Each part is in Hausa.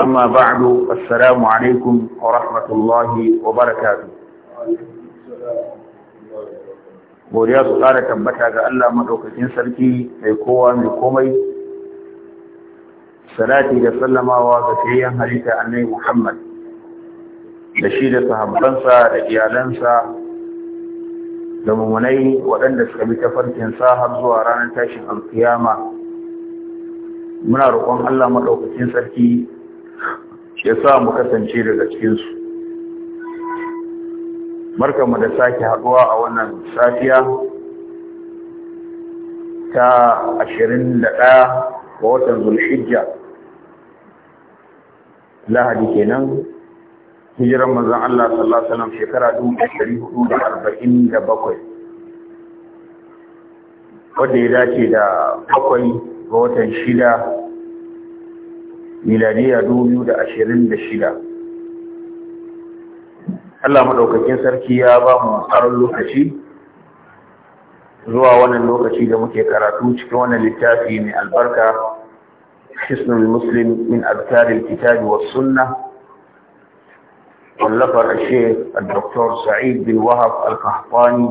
أما بعد السلام عليكم ورحمة الله وبركاته godiya su tsara tabbata ga Allah maɗaukakin sarki mai kowa mai komai salati da sallamawa ga fiyayyen halitta annai Muhammad da shi da sahabbansa da iyalansa da mummunai waɗanda suka bi ta farkinsa har zuwa ranar tashin alkiyama muna roƙon Allah maɗaukakin sarki ya sa mu kasance daga cikinsu markanmu da sake haɗuwa a wannan safiya ta 21 ga watan zulhijja lahadi kenan hijiran manzon Allah sallallahu alaihi wasallam shekara 1447 wanda ya dace da bakwai ga watan shida miladiya 2026 Allah madaukakin sarki ya ba mu tsaron lokaci zuwa wannan lokaci da muke karatu cikin wannan littafi mai albarka hisnul muslim min azkaril kitabi was sunnah wallafar Dr. Sa'id Bin Wahab al القحطاني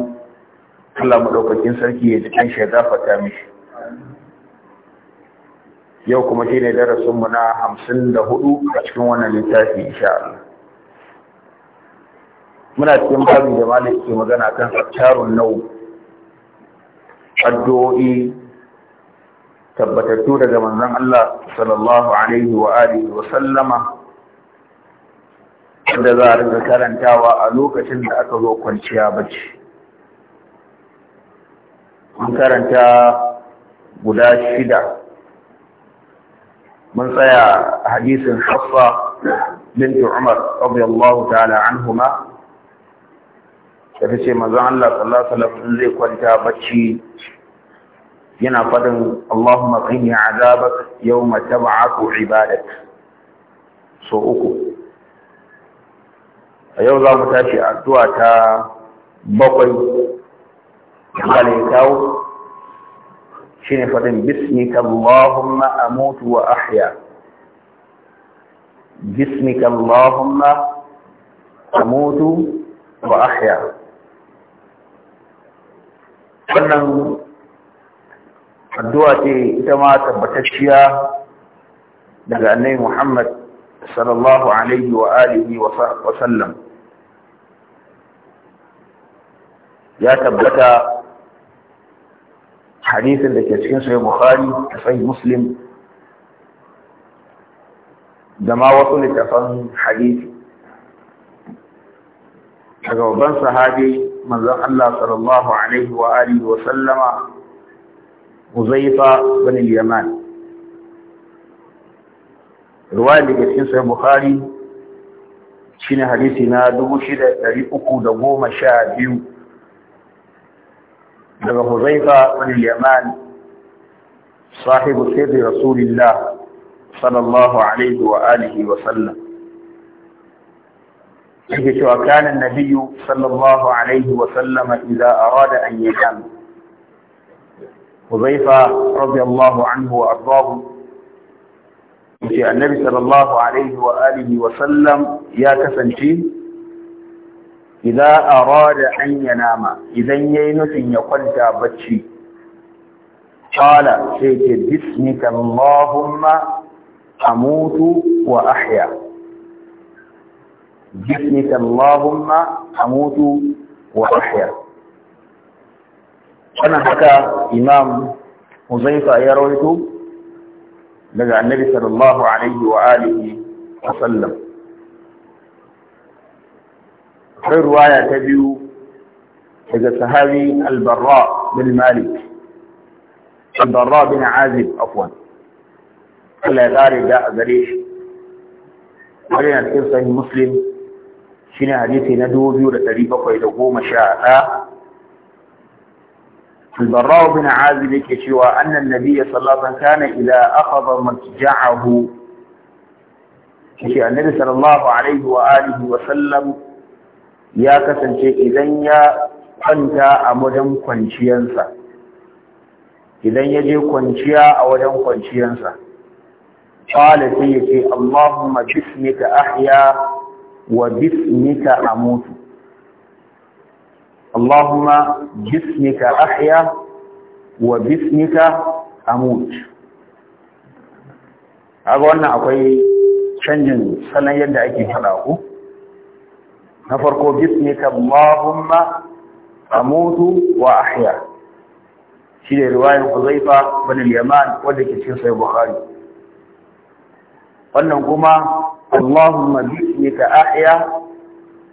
Allah maɗaukakin sarki ya jikin shagafata mishi. yau kuma shi ne darasinmu na hamsin da hudu a cikin wannan littafi insha Muna cikin babin da malam ke magana kan tsarun nau, addu'o'i tabbatattu daga manzon Allah sallallahu alaihi wa alihi wa sallama da za a rinka karantawa a lokacin da aka zo kwanciya bacci. An karanta guda shida mun tsaya hadisin hafsa bintu umar radiyallahu ta'ala anhuma da ta ce manzon Allah sallallahu in zai kwanta bacci yana faɗin fadin Allahumma qini azabak yawma tab'atu ibadak sau uku a yau za mu tashi addu'a ta bakwai da kawo shine fadin bismika allahumma amutu wa ahya bismika allahumma amutu wa ahya wannan addu'a ce ita ma tabbatacciya daga annabi Muhammad sallallahu alaihi wa alihi wa sallam ya tabbata hadisin da ke cikin sahih bukhari da sahih muslim da ma wasu littafan hadisi daga babban sahabi manzon Allah sallallahu alaihi wa alihi wa sallama Huzaifa bin Yaman ruwaya daga cikin sahih bukhari shine hadisi na 6312 ابو حذيفه بن اليمان صاحب سر رسول الله صلى الله عليه واله وسلم حيث كان النبي صلى الله عليه وسلم اذا اراد ان يجامل حذيفه رضي الله عنه وارضاه النبي صلى الله عليه واله وسلم يا كفنتين إذا أراد أن ينام إذا ينوت يقلت تابتشي قال سيك باسمك اللهم أموت وأحيا باسمك اللهم أموت وأحيا أنا حكى إمام يا يرويته لقى النبي صلى الله عليه وآله وسلم في رواية تبيو حزة صحابي البراء بن مالك البراء بن عازب عفوا قال ذاري داء ذريش قالنا الكل صحيح مسلم شنا حديثي ندو بيو لتريفة ويدقو مشاعة البراء بن عازب كشوى أن النبي صلى الله عليه وسلم كان إذا أخذ مرتجعه كشوى النبي صلى الله عليه وآله وسلم ya kasance idan ya kwanta a wajen kwanciyansa idan ya je kwanciya a wajen kwanciyansa qala sai ya ce allahumma bismika ahya wa bismika amutu allahumma bismika ahya wa bismika amutu kaga wannan akwai canjin salon yadda ake faɗa ku na farko mahumma a mutu wa ahya shi ne riwayar Huzaifa wani al-Yaman wanda ke cin sai Bukhari wannan kuma Allahumma ka ahya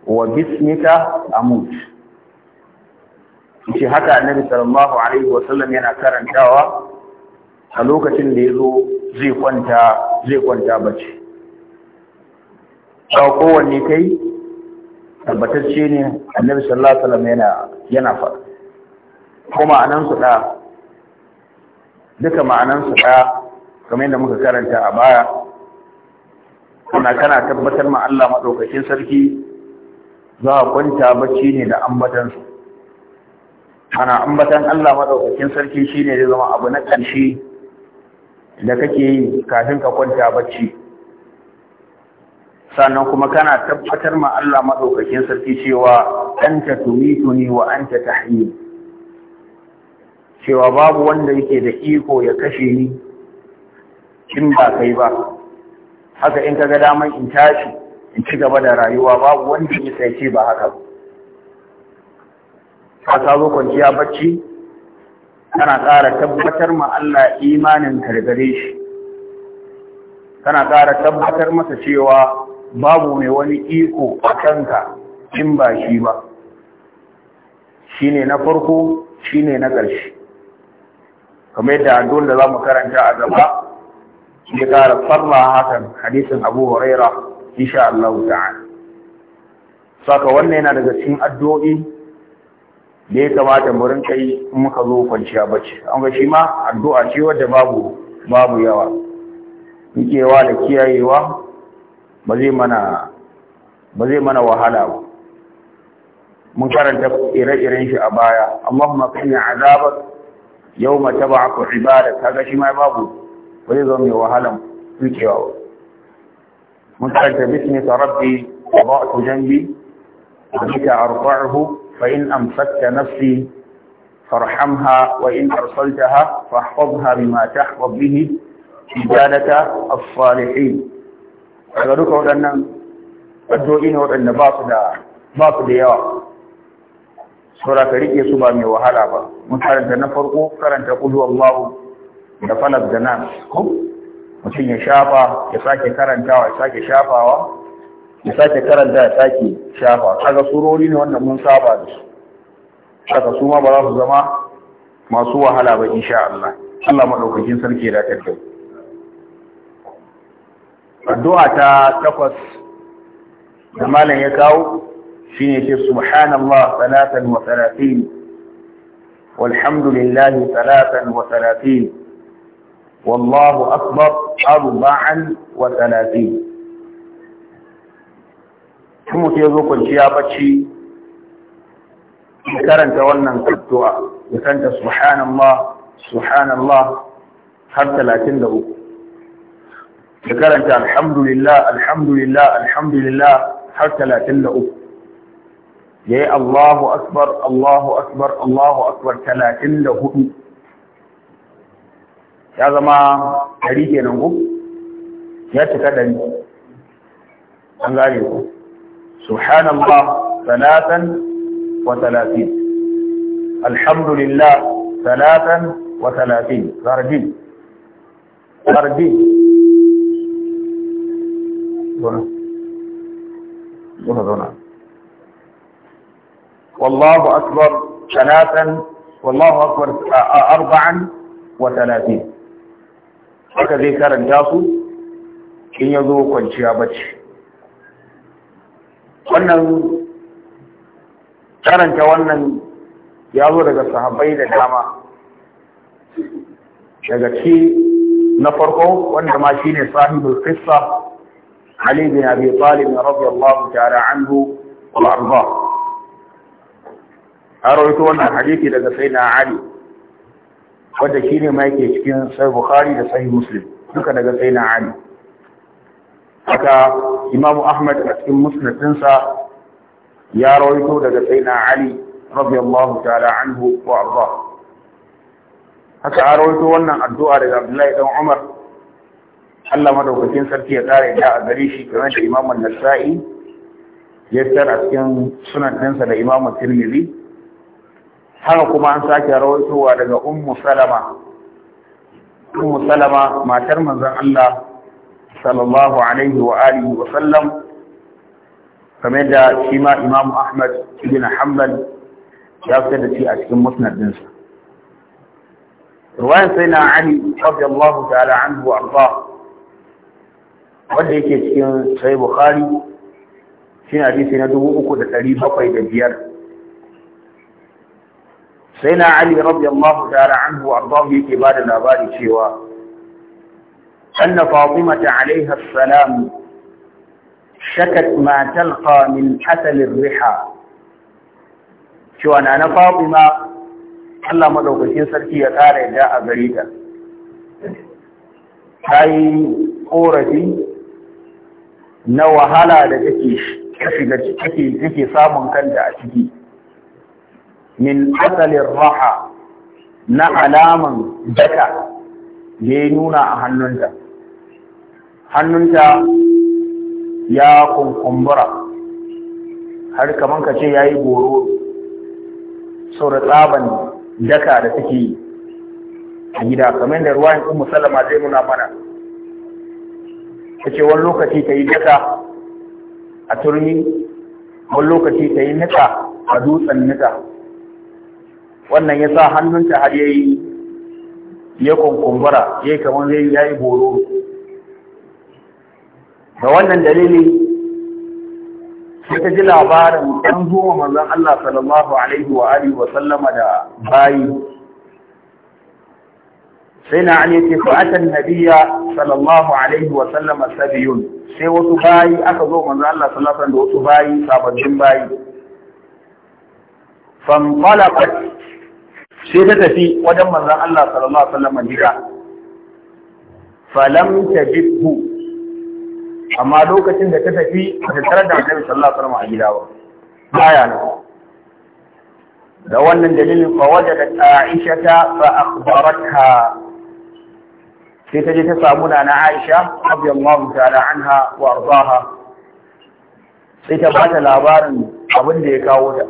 wa ka bismika amut shi haka annabi sallallahu alaihi wa sallam yana karantawa a lokacin da ya zai kwanta zai kwanta bace ka kowanne kai tabbatacce ne annabi sallallahu alaihi wasallam yana yana faɗa kuma anan su da duka ma'anan su da kamar yadda muka karanta a baya kana kana tabbatar ma Allah madaukakin sarki za ka kwanta bacci ne da ambatan su ana ambatan Allah madaukakin sarki shine zai zama abu na ƙarshe da kake yi kafin ka kwanta bacci sannan kuma kana tabbatar ma Allah madaukakin sarki cewa anta tumituni wa anta tahyi cewa babu wanda yake da iko ya kashe ni in ba kai ba haka in kaga daman in tashi in ci gaba da rayuwa babu wanda ya sai ce ba haka ka ta zo kwanciya bacci kana ƙara tabbatar ma Allah imanin kargare shi kana ƙara tabbatar masa cewa babu mai wani iko a kanka in ba shi ba ne na farko shi ne na ƙarshe kamar yadda addu'ar da za mu karanta a gaba ya ƙara farla hakan hadisin abu huraira insha Allah ta'ala saka wannan yana daga cikin addu'o'i da ya kamata mu rinka yi in muka zo kwanciya bacci an ga shi ma addu'a ce wadda babu babu yawa rikewa da kiyayewa ba zai mana ba zai mana wahala ba mun karanta ire-iren shi a baya yau qina azabak yawma tab'aku ibadak kaga shi ma babu ba zai zo mai wahalan tukewa ba mun karanta bismika rabbi wada'tu janbi a bika arfa'uhu fa in amsakta nafsi فارحمها وإن أرسلتها فاحفظها بما تحفظ به عبادك الصالحين daga duka waɗannan addu'o'i ne waɗanda ba su da su yawa sura ka riƙe su ba mai wahala ba mun karanta na farko karanta ƙuduwan huwallahu da falas da nan ko mutum ya shafa ya sake karantawa ya sake shafawa ya sake karanta ya sake shafa kaga surori ne wanda mun saba da su haka su ma ba za su zama masu wahala ba insha Allah Allah maɗaukakin sarki ya dakatar da addu'a ta takwas da malam ya kawo shine ce subhanallah salatan wa salatin walhamdulillahi salatan wa salatin wallahu akbar arba'an wa salatin kuma ya zo kwanciya bacci ya karanta wannan addu'a ya kanta subhanallah subhanallah har talatin da uku ya karanta alhamdulillah alhamdulillah alhamdulillah har talatin da uku ya yi Allahu akbar Allahu akbar Allahu akbar talatin da hudu ya zama ɗari kenan ku ya cika ɗari an gane ku subhanallah salatan wa talatin alhamdulillah salatan wa talatin zarbi zarbi Wallahu والله أكبر ثلاثا والله أكبر wa وثلاثين haka zai karanta su in ya zo kwanciya bacci wannan karanta wannan ya zo daga sahabbai da dama daga ci na farko wanda ma shine sahibul qissa علي بن أبي طالب رضي الله تعالى عنه وأرضاه أرويت أن حديثي لدى سيدنا علي wanda shi ne ma yake cikin sai bukhari da sai muslim duka daga sai ali haka imamu ahmad a cikin musnadinsa ya rawaito daga sai ali radiyallahu ta'ala anhu wa arda haka ya wannan addu'a daga abdullahi dan umar Allah madaukakin sarki ya tsara ita a gare shi game da Imam An-Nasa'i ya tsara cikin sunan ɗinsa da Imam Tirmidhi haka kuma an sake rawaitowa daga Ummu Salama Ummu Salama matar manzon Allah sallallahu alaihi wa alihi wa sallam kamar da shi ma Imam Ahmad ibn Hanbal ya fitar da shi a cikin musnad ɗinsa. رواية سيدنا علي رضي الله تعالى عنه وأرضاه wanda yake cikin sai bukhari shi na hadisi na dubu uku da ɗari bakwai da biyar sai na ali radiyallahu ta'ala anhu ardahu yake ba da labari cewa anna fatimata alaiha salam shakat ma talqa min asalin riha cewa na na fatima Allah madaukakin sarki ya kare da a gare ta ta yi ƙorafi na wahala da take take samun kanta a ciki min asalin raha na alaman daka da ya nuna a hannunta hannunta ya kunkumbura har kaman ka ce ya yi goro sau da tsaban daka da take yi a gida kamar da ruwan ɗin musalama zai nuna mana ta ce wani lokaci ta yi nika a turmi wani lokaci ta yi nika a dutsen nika wannan ya sa hannunta har ya yi ya kunkumbura ya yi kamar zai ya yi boro da wannan dalili sai ta ji labarin an zuwa manzon Allah sallallahu alaihi wa alihi wa sallama da bayi sai na ali ce fa atan nabiyya sallallahu alaihi wa sallam sabiyun sai wasu bayi aka zo manzo Allah sallallahu alaihi da wasu bayi sababbin bayi fanfalaqat sai ta tafi wajen manzon Allah sallallahu alaihi wa sallam jira falam tajidhu amma lokacin da ta tafi ta tarar da Annabi sallallahu alaihi wa sallam a gida ba baya nan da wannan dalilin fa wajadat Aisha ta fa akhbaratha sai ta je ta samu na Aisha radiyallahu ta'ala anha wa ardaha sai ta bata labarin abin da ya kawo ta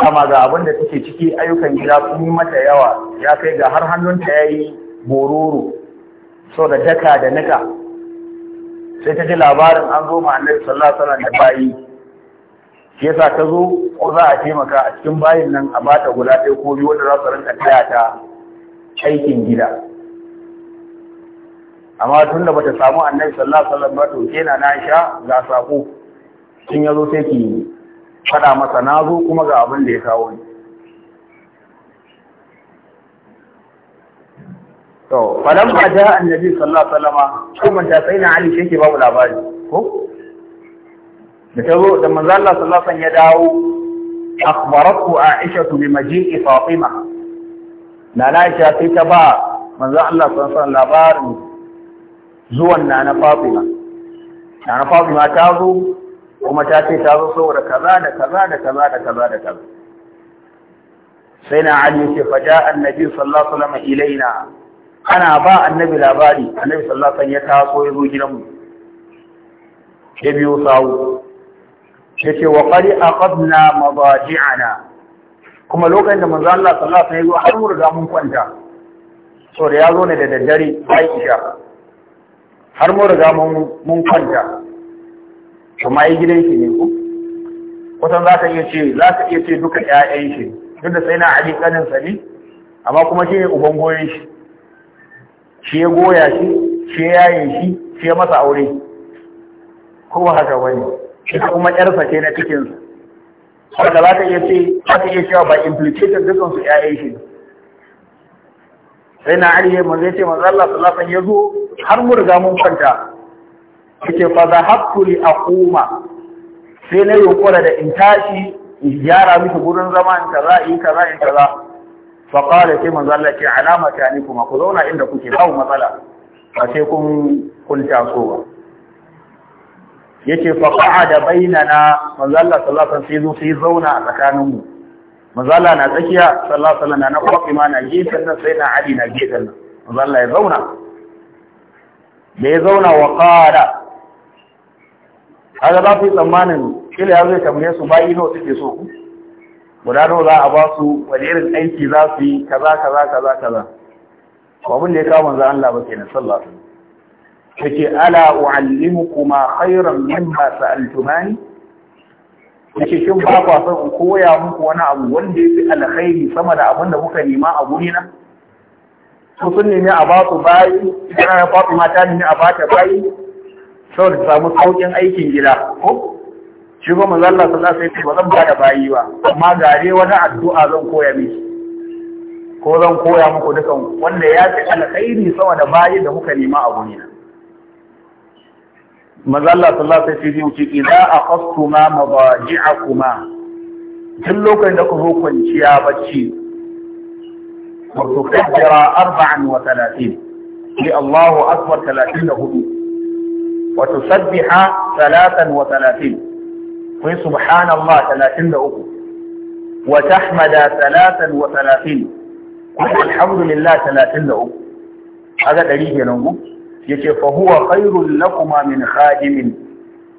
kama ga abin da take ciki ayyukan gida sun yi mata yawa ya kai ga har hannunta yayi bororo so da daka da nika sai ta ji labarin an zo ma Annabi sallallahu alaihi wasallam da bayi shi yasa ta zo ko za a taimaka a cikin bayin nan a bata guda ɗaya ko biyu wanda za su rinka taya ta aikin gida amma tun da bata samu annabi sallallahu alaihi wasallam ba to kenan na sha ga sako kin yazo sai ki fada masa nazo kuma ga abin da ya kawo ni to falan ba da annabi sallallahu alaihi wasallam kuma ta sai na ali shi ke babu labari ko da tazo da manzo Allah sallallahu alaihi wasallam ya dawo akhbaratu aisha bi maji'i fatima na na sai ta ba manzo Allah sallallahu alaihi wasallam labarin zuwan na na Fatima na Fatima ta zo kuma ta ce ta zo saboda kaza da kaza da kaza da kaza da kaza sai na Ali ya ce fa ja annabi sallallahu alaihi wasallam ilaina ana ba annabi labari annabi sallallahu alaihi wasallam ya taso ya zo gidanmu ya biyo sawu ya ce wa qad aqadna madaji'ana kuma lokacin da manzo Allah sallallahu alaihi wasallam ya zo har mu riga mun kwanta so da ya zo ne da daddare Aisha har mu riga mun kwanta to mai gidan shi ne ku kusan za ka iya ce za ka iya ce duka ƴaƴan shi duk da sai na ali kanin sani amma kuma shi ne uban goyen shi shi ya goya shi shi ya yaye shi shi ya masa aure ko haka wani shi kuma ƴar sa ce na sa wanda za ka iya ce za ka iya cewa ba implicated dukansu ƴaƴan shi ne sai na ali mun zai ce manzo Allah sallallahu alaihi wasallam ya zo har mu riga mun kwanta yace fa za hakku li aquma sai na yunkura da in tashi in gyara miki gurin zama in kaza in kaza in kaza fa qala sai manzo Allah ce alama ta ni kuma ku zauna inda kuke ba matsala ba sai kun kun so. ba yace fa qa'ada bainana manzo Allah sallallahu alaihi wasallam sai zo sai zauna a tsakaninmu mazala na tsakiya sallallahu alaihi wasallam na Fatima na gefen nan sai na Ali na gefen nan mazala ya zauna da ya zauna wa qala kaga za fi yi tsammanin kila ya zai tambaye su bayi nawa suke so ku guda nawa za a ba su wani irin aiki za su yi kaza kaza kaza kaza ko abin da ya kawo manzo Allah ba kenan sallallahu alaihi wasallam yake ala uallimukuma khayran mimma sa'altumani yace shin ba kwa son in koya muku wani abu wanda yafi alkhairi sama da abin da kuka nema a guri na su sun nemi a ba su bayi idan ana faɗi mata nemi a ba ta bayi saboda su samu saukin aikin gida ko shi ko manzo Allah sallallahu alaihi wasallam ba zan ba da bayi ba amma gare wani addu'a zan koya miki ko zan koya muku dukan wanda ya fi alkhairi sama da bayi da muka nema a guri na maza Allah sallallahu alaihi wasallam ce idza aqastuma madaji'akuma duk lokacin da ku zo kwanciya bacci wato kaddara 34 li Allahu akbar 34 wato sabbiha 33 ku subhanallah 33 wa tahmada 33 ku alhamdulillah 33 aga dari kenan ku yace fa huwa khairul lakuma min khadimin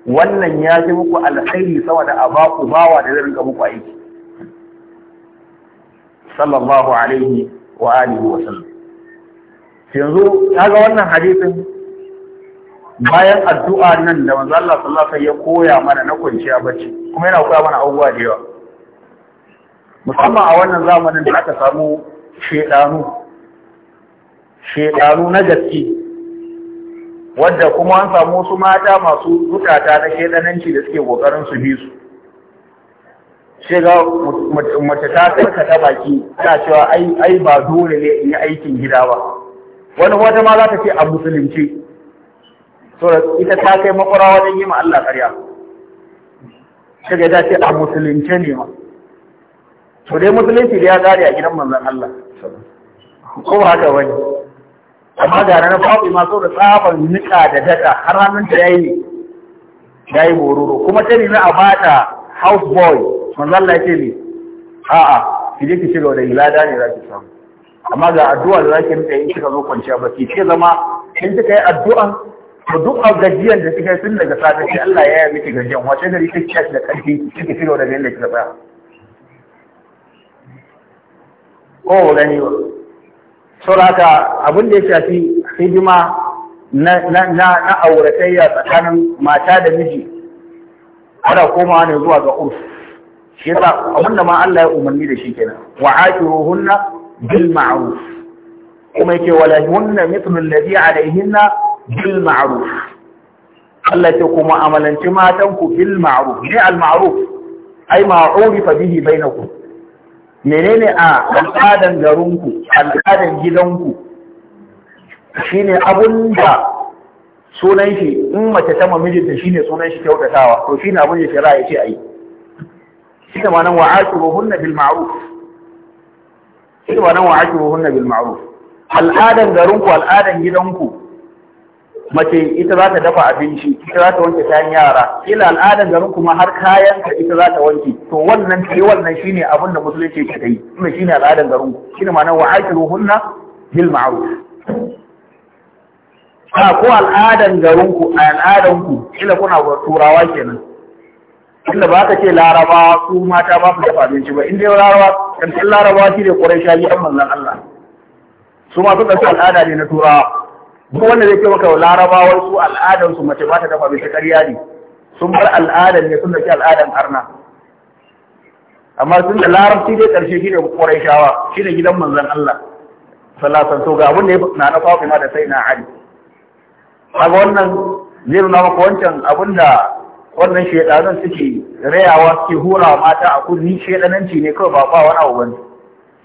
wannan ya ji muku alkhairi saboda a ba bawa da zai rinka muku aiki sallallahu alaihi wa alihi wa sallam yanzu kaga wannan hadisin bayan addu'a nan da manzo Allah sallallahu alaihi ya koya mana na kwanciya bacci kuma yana koya mana abubuwa da yawa musamman a wannan zamanin da aka samu shedanu shedanu na gaske wadda kuma an samu wasu mata masu zukata na shaidananci da suke kokarin su bi su sai ga mace ta karka ta baki ta cewa ai ai ba dole ne in yi aikin gida ba wani wata ma za ta ce a musulunci so ita ta kai makwara wajen yi ma Allah ƙarya sai ta ce a musulunci ne ma to dai musulunci da ya kare a gidan manzon Allah ko ba haka wani amma da ranar fa'o'i ma da tsaban nika da daga har hannunta ya yi ya yi bororo kuma ta nemi a bata house boy manzo Allah yake ne a'a ki je ki shiga da ilada ne za ki samu amma ga addu'a da zaki rinka yin kika zo kwanciya ba ki ce zama in kika yi addu'a to duk gajiyan da kika yi tun daga safe sai Allah ya yi miki gajiyan wace gari kike kiyaye da karfi kike shiga da yanda kika tsaya ko gani ba sauraka abin da ya shafi hidima na auratayya tsakanin mata da miji ana komawa ne zuwa ga urf shi yasa abin da ma Allah ya umarni da shi kenan wa akiruhunna bil ma'ruf kuma yake wala hunna mithlu alladhi alayhinna bil ma'ruf Allah ya kuma amalanci matan ku bil ma'ruf ne al ma'ruf ai ma'urifa bihi bainakum menene a al'adan garinku al'adan gidanku ne abun da sunan shi in mace ta mamijinta ne sunan shi kyautatawa to shi ne abun da shari'a a yi shi da ma'anar wa'ashiruhunna na ma'ruf shi da ma'anar wa'ashiruhunna na ma'ruf al'adan garinku al'adan gidanku mace ita za ta dafa abinci ita za ta wanke kayan yara kila al'adar garin kuma har kayan ka ita za ta wanke to wannan ke wannan shine abin da musulunci ke kai kuma shine al'adar garin ku shine ma'ana wa hunna bil ma'ruf a ko al'adar garin ku a al'adar ku kila kuna turawa kenan kila ba ka ce larabawa su mata ba su dafa abinci ba in dai larabawa kan larabawa shine quraishawi an manzon Allah su ma suka ce al'ada ne na turawa duk wanda zai ce maka larabawan su al'adansu su mace ba ta dafa abinci ƙarya ne sun bar al'adan ne sun dauki al'adan arna amma sun da larabci dai ƙarshe shine shi shine gidan manzon Allah sallallahu ga abin da ya na na ma da sai na Ali kaga wannan zai nuna maka wancan abin da wannan shedanan suke rayawa suke hura mata a kudi shedananci ne kawai ba ba wani abu bane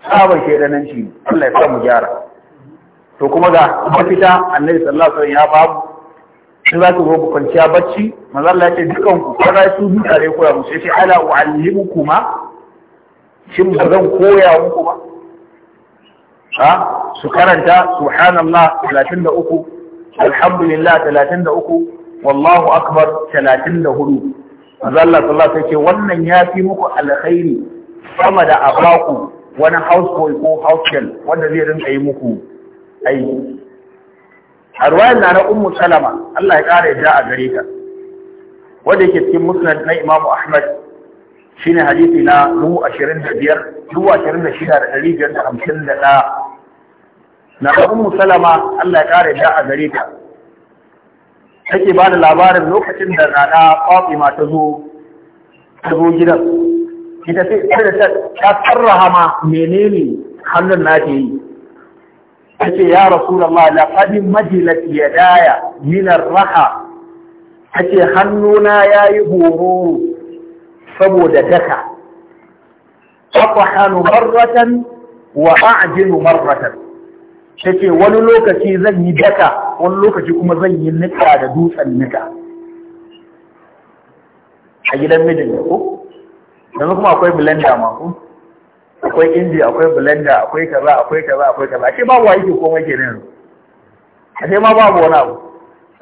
sabon shedananci Allah ya sa mu gyara to kuma ga mafita annabi sallallahu alaihi wasallam ya babu in za ku zo ku kwanciya bacci manzo Allah ya ce dukanku. ku kaza su duka ne koya musu yace ala uallimukuma shin ba zan koya muku ba ha su karanta subhanallah 33 alhamdulillah 33 wallahu akbar 34 manzo Allah sallallahu alaihi wasallam ce wannan ya fi muku alkhairi sama da abaku wani house boy ko house girl wanda zai rinka yi muku aiki a ruwayan na na ummu salama Allah ya ƙara yadda a gare ta wanda yake cikin musnad na imamu ahmad shine hadisi na dubu ashirin da biyar dubu ashirin da shida da ɗari biyar da hamsin da ɗaya na na ummu salama Allah ya ƙara yadda a gare ta take ba da labarin lokacin da rana fatima ta zo ta zo gidan ita ce ta sarraha ma menene hannun na ke yi ake ya rasulullah laqad majilat yadaya min minar raha tace hannuna yayi horo saboda daka aqhanu marratan wa a'jilu marratan tace wani lokaci zan yi daka wani lokaci kuma zan yi nika da dutsen nika a gidan mijin ko yanzu kuma akwai blender ma ko akwai inji akwai blender akwai kaza akwai kaza akwai kaza ashe babu wa yake komai ke nan. ashe ma babu wani abu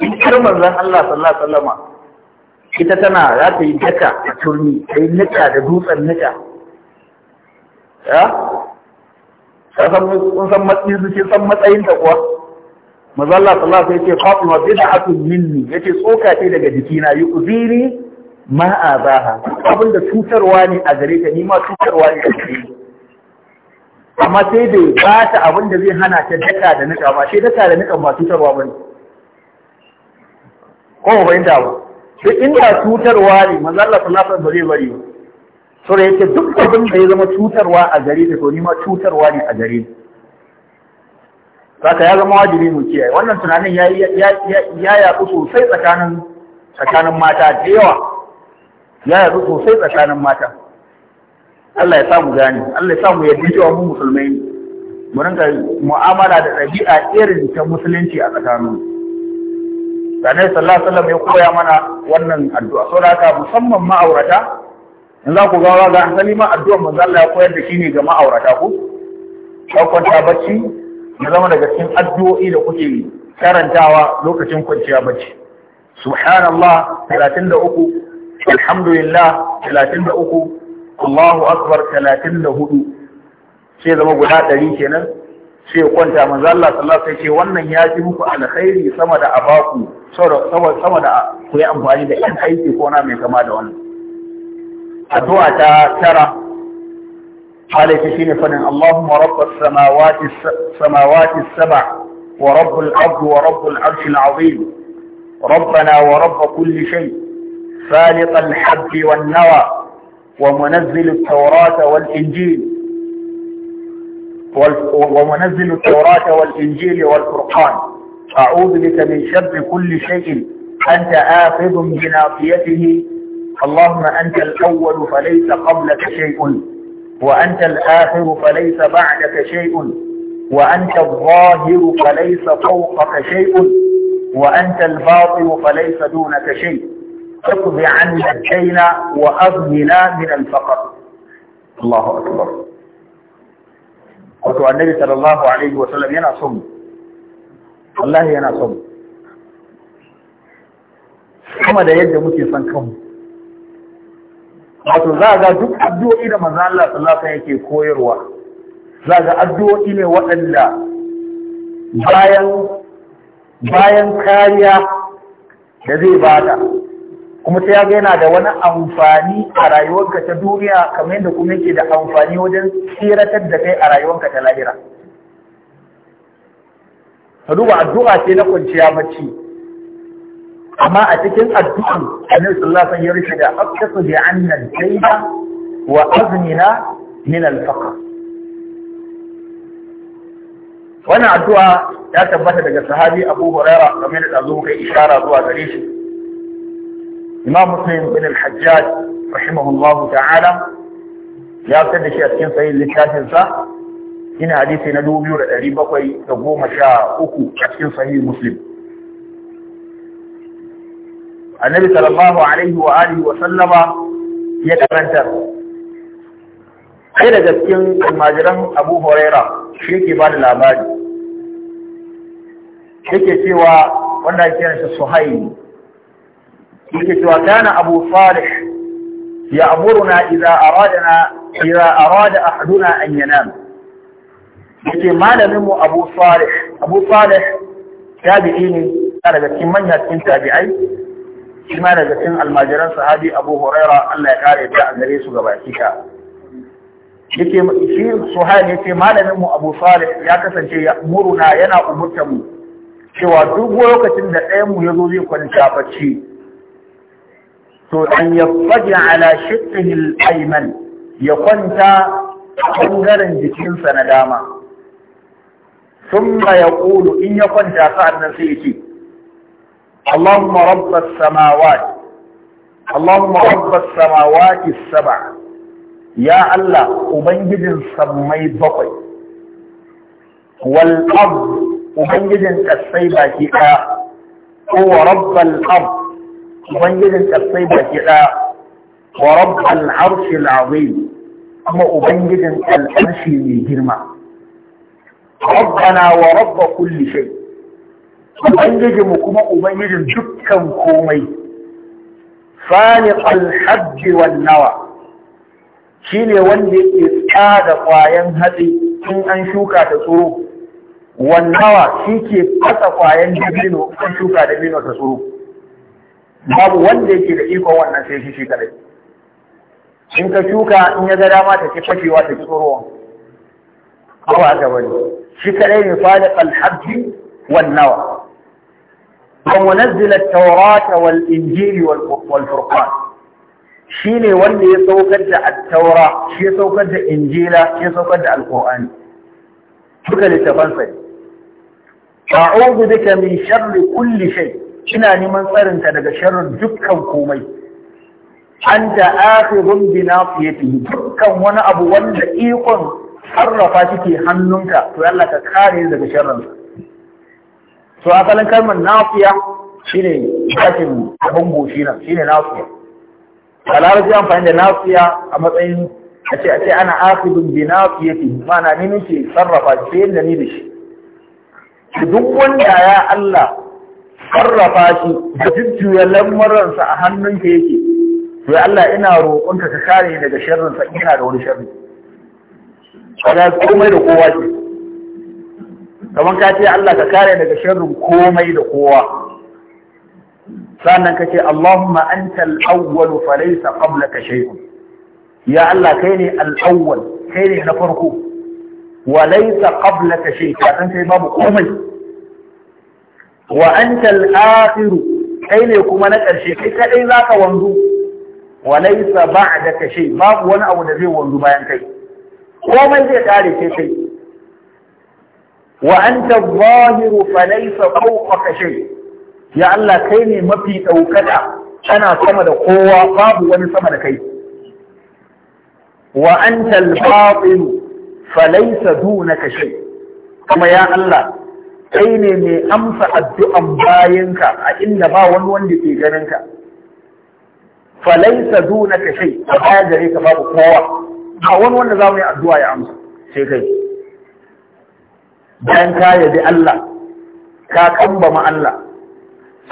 in kar manzon Allah sallallahu alaihi wasallama ita tana za ta yi daka a turmi ta yi nika da dutsen nika ya kun san matsayin su ce san matsayin ta kuwa mazalla sallallahu alaihi wasallam yace fatima bid'atun minni yace tsoka ce daga jikina yi uziri ma'azaha. abin da cutarwa ne a gare ta ni ma cutarwa ne a gare ni amma sai bai ba ta abin da zai hana ta daka da nika ba sai daka da nika ba cutarwa ba ne ko ba inda ba sai inda cutarwa ne maza Allah sallallahu alaihi wasallam zai bari ba sura yake duk abin da ya zama cutarwa a gare ta to nima ma cutarwa ne a gare saka ya zama wajibi mu kiyaye wannan tunanin ya ya yaɗu sosai tsakanin tsakanin mata da yawa ya yaɗu sosai tsakanin mata Allah ya sa mu gane Allah ya sa mu yadda cewa mu musulmai ne mu rinka mu'amala da ɗabi'a irin ta musulunci a tsakanin Sanai sallallahu alaihi wasallam ya koya mana wannan addu'a saboda haka musamman ma'aurata in za ku ga ga asali ma addu'ar manzo Allah ya koyar da shi ne ga ma'aurata ku ka kwanta bacci ya zama daga cikin addu'o'i da kuke karantawa lokacin kwanciya bacci subhanallah 33 alhamdulillah 33 Allahu akbar hudu, sai zama guda ɗari kenan sai kwanta manzo Allah sallallahu alaihi ce wannan ya ji muku alkhairi sama da abaku sama da ku yi amfani da yan aiki ko na mai kama da wannan addu'a ta tara halaye shine fadin Allahumma rabbas samawati samawati saba, wa rabbul ardi wa rabbul arshil azim ربنا ورب كل شيء فالق الحب والنوى ومنزل التوراة والإنجيل ومنزل التوراة والإنجيل والفرقان أعوذ بك من شر كل شيء أنت آخذ بناصيته اللهم أنت الأول فليس قبلك شيء وأنت الآخر فليس بعدك شيء وأنت الظاهر فليس فوقك شيء وأنت الباطن فليس دونك شيء تقضي عنا الدين وأغننا من الفقر الله أكبر wato annabi sallallahu alaihi wasallam yana son wallahi yana son kuma da yadda muke son kanmu wato za ga duk addu'o'i da manzo Allah sallallahu alaihi yake koyarwa za ga addu'o'i ne waɗanda bayan bayan kariya da zai bada kuma sai ya ga yana da wani amfani a rayuwarka ta duniya kamar yadda kuma yake da amfani wajen tsiratar da kai a rayuwarka ta lahira ka duba addu'a ce na kwanciya bacci amma a cikin addu'an annabi sallallahu alaihi wasallam ya rubuta da aqtasu bi anna al-jayba wa aznina min al-faqr wannan addu'a ya tabbata daga sahabi Abu Hurairah kamar da zo kai ishara zuwa gare shi imam muslim bin al-hajjaj rahimahullahu ta'ala ya fitar da shi a cikin sahih littafin sa ina hadisi na 2713 a cikin sahih muslim annabi sallallahu alaihi wa alihi wa sallama ya karantar sai daga cikin almajiran abu huraira shi ke ba da labari ke cewa wanda wannan kiran shi suhaili yake cewa kana abu salih ya amuruna idza aradna idza arada ahaduna an yanam yake malamin mu abu salih abu salih tabi'i ne daga cikin manya cikin tabi'ai shi ma daga cikin almajiran sahabi abu huraira Allah ya kare ta a gare su gaba ka yake shi suhail yace malamin mu abu salih ya kasance ya muruna yana umurta mu cewa duk lokacin da ɗayan mu zo zai kwanta bacci أن يضطجع على شقه الأيمن يقنت أنجر جكين سنداما ثم يقول إن يقنت أفعل نسيتي اللهم رب السماوات اللهم رب السماوات السبع يا الله أبنجد سمي بطي والأرض أبنجد السيبة هو رب الأرض ubangijin kasai baki ɗaya wa rabbal arshil azim kuma ubangijin al'arshi mai girma rabbana wa rabba kulli shay ubangijinmu kuma ubangijin dukkan komai faliqal habbi wan nawa shine wanda yake tsada kwayan hatsi in an shuka ta tsoro Wannawa shi ke fasa kwayan dabino in shuka dabino ta tsoro babu wanda yake da ikon wannan sai shi shi kadai in ka shuka in ya ga dama ta ci fashewa ta ci tsorowa kawai aka bari shi kadai ne fada alhabbi wan nawa wa munazzila at-taurata wal injili wal furqan shine wanda ya saukar da at-taura shi ya saukar da injila shi ya saukar da alqur'ani duka littafan sai a'udhu bika min sharri kulli shay' ina neman tsarinka daga sharrin dukkan komai an da akhirun bi nafiyatihi dukkan wani abu wanda ikon sarrafa shi hannunka to Allah ka kare daga sharrin to asalin kalmar nafiya shine bakin abin shi nan shine nafiya a larabci amfani da nafiya a matsayin a ce a ce ana akhirun bi nafiyatihi ma'ana ni ke sarrafa shi yadda ni da shi duk wanda ya Allah sarrafa shi da jujjuya lamuransa a hannunka yake to Allah ina roƙonka ka kare ni daga sharrinsa ina da wani sharri kaga komai da kowa ce kamar ka ce Allah ka kare daga sharrin komai da kowa sannan ka ce Allahumma anta al-awwal fa laysa qablaka shay'un ya Allah kai ne al-awwal kai ne na farko wa laysa qablaka shay ka sai babu komai wa anta kai ne kuma na ƙarshe kai za zaka wanzu wa laysa da kashe babu wani abu da zai wanzu bayan kai komai zai kare ke kai wa anta adh fa ya Allah kai ne mafi ɗaukaka kana sama da kowa babu wani sama da kai wa anta al-batin fa laysa kuma ya Allah kai ne mai amsa addu'an bayanka a inda ba wani wanda ke ganinka falaisa ka shai, a baya gare ka babu kowa ba wani wanda za mu yi addu'a ya amsa sai kai bayan ka yabi Allah ka kambama Allah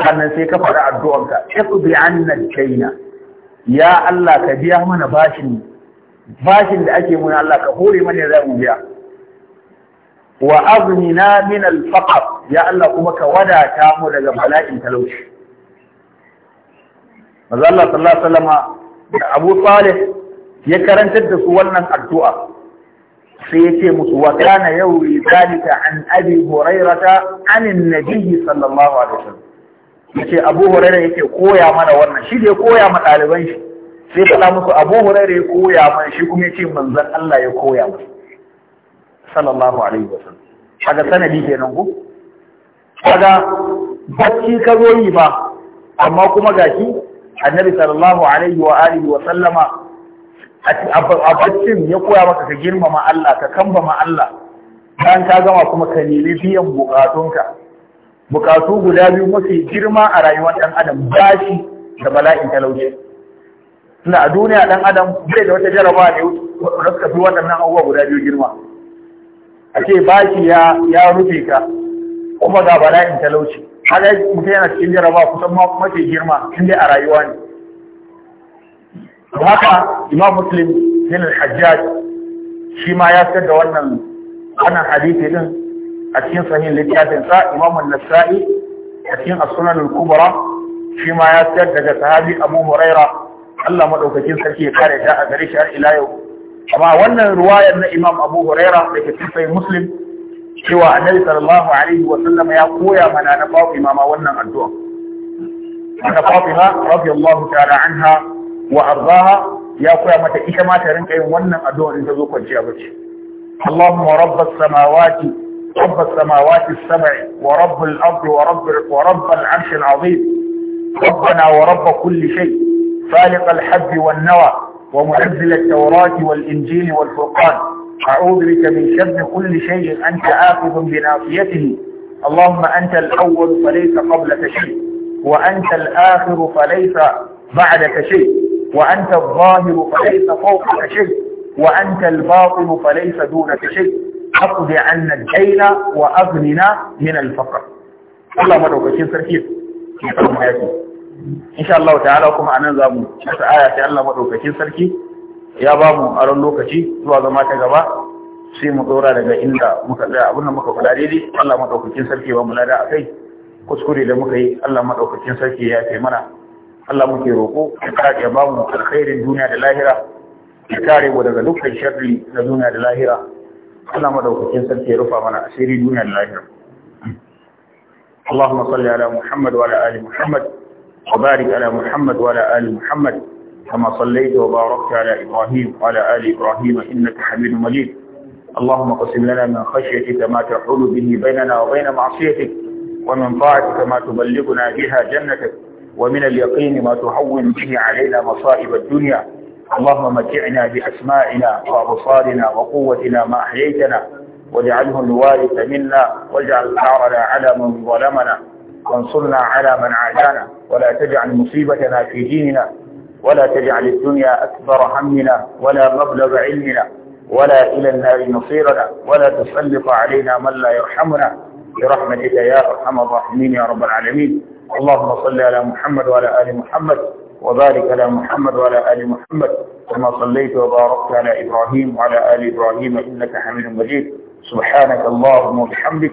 sannan sai ka faɗi addu'anka iqbi anna kaina ya Allah ka biya mana bashin bashin da ake muna Allah ka hore mana ya za biya wa azmina min al-faqr ya Allah kuma ka wadata mu daga bala'in talauci manzo Allah sallallahu alaihi wasallam Abu Salih ya karantar da su wannan addu'a sai ya ce musu wa kana yawi zalika an abi hurairata an annabi sallallahu alaihi wasallam yace Abu Hurairah yake koya mana wannan shi da ya koya ma ɗaliban shi sai faɗa musu Abu Hurairah ya koya mana shi kuma yace manzon Allah ya koya mana sallallahu alaihi wasallam kaga sanadi kenan ku kaga bacci ka zo yi ba amma kuma gashi annabi sallallahu alaihi wa alihi wa sallama a baccin ya koya maka ka girmama Allah ka kambama Allah bayan ka gama kuma ka nemi biyan bukatunka bukatu guda biyu mafi girma a rayuwar ɗan adam bashi da bala'in talauci tunda a duniya ɗan adam bai da wata jarabawa ne wanda suka fi waɗannan abubuwa guda biyu girma a ce baki ya rufe ka kuma ga bala'in talauci haka mutum yana cikin jaraba kusan mafi girma inda a rayuwa ne haka imam muslim bin al-hajjaj shi ma ya fitar da wannan wannan hadisi din a cikin sahih littafin sa imam an-nasa'i a cikin as-sunan al-kubra shi ma ya fitar daga sahabi abu huraira Allah madaukakin sarki ya kare da a gare shi har ila yau amma wannan ruwayar na Imam Abu Huraira da ke cikin Muslim cewa Annabi sallallahu alaihi wa sallam ya koya mana na Fatima ma wannan addu'a Ana Fatima radiyallahu ta'ala anha wa arzaha. ya koya mata ita ma ta rinka yin wannan addu'a in ta zo kwanciya bace Allahumma rabbas samawati rabbas samawati as-sab'i wa rabbul ardi wa rabbul wa rabbul 'arshil 'azim ربنا ورب كل شيء فالق الحب والنوى ومنزل التوراة والإنجيل والفرقان أعوذ بك من شر كل شيء أنت آخذ بناصيته اللهم أنت الأول فليس قبلك شيء وأنت الآخر فليس بعدك شيء وأنت الظاهر فليس فوقك شيء وأنت الباطن فليس دونك شيء أقض عنا الدين وأغننا من الفقر الله مدوكشين سركيس في حياتي insha Allah ta'ala kuma anan za mu wata aya sai Allah madaukakin sarki ya ba mu ran lokaci zuwa zama ta gaba sai mu tsora daga inda muka tsaya abin da muka kula daidai Allah madaukakin sarki ba mu lada kai kuskure da muka yi Allah madaukakin sarki ya kai mana Allah muke roƙo ya kare ya ba mu alkhairin duniya da lahira ya kare mu daga dukkan sharri na duniya da lahira Allah madaukakin sarki ya rufa mana asiri duniya da lahira اللهم صل على محمد وعلى آل محمد وبارك على محمد وعلى آل محمد كما صليت وباركت على إبراهيم وعلى آل إبراهيم إنك حميد مجيد اللهم قسم لنا من خشيتك ما تحول به بيننا وبين معصيتك ومن طاعتك ما تبلغنا بها جنتك ومن اليقين ما تهون به علينا مصائب الدنيا اللهم متعنا بأسماعنا وأبصارنا وقوتنا ما أحييتنا واجعله الوارث منا واجعل ثارنا على من ظلمنا وانصرنا على من عادانا ولا تجعل مصيبتنا في ديننا ولا تجعل الدنيا أكبر همنا ولا مبلغ علمنا ولا إلى النار مصيرنا ولا تسلط علينا من لا يرحمنا برحمتك يا أرحم الراحمين يا رب العالمين اللهم صل على محمد وعلى آل محمد وبارك على محمد وعلى آل محمد كما صليت وباركت على إبراهيم وعلى آل إبراهيم إنك حميد مجيد سبحانك اللهم وبحمدك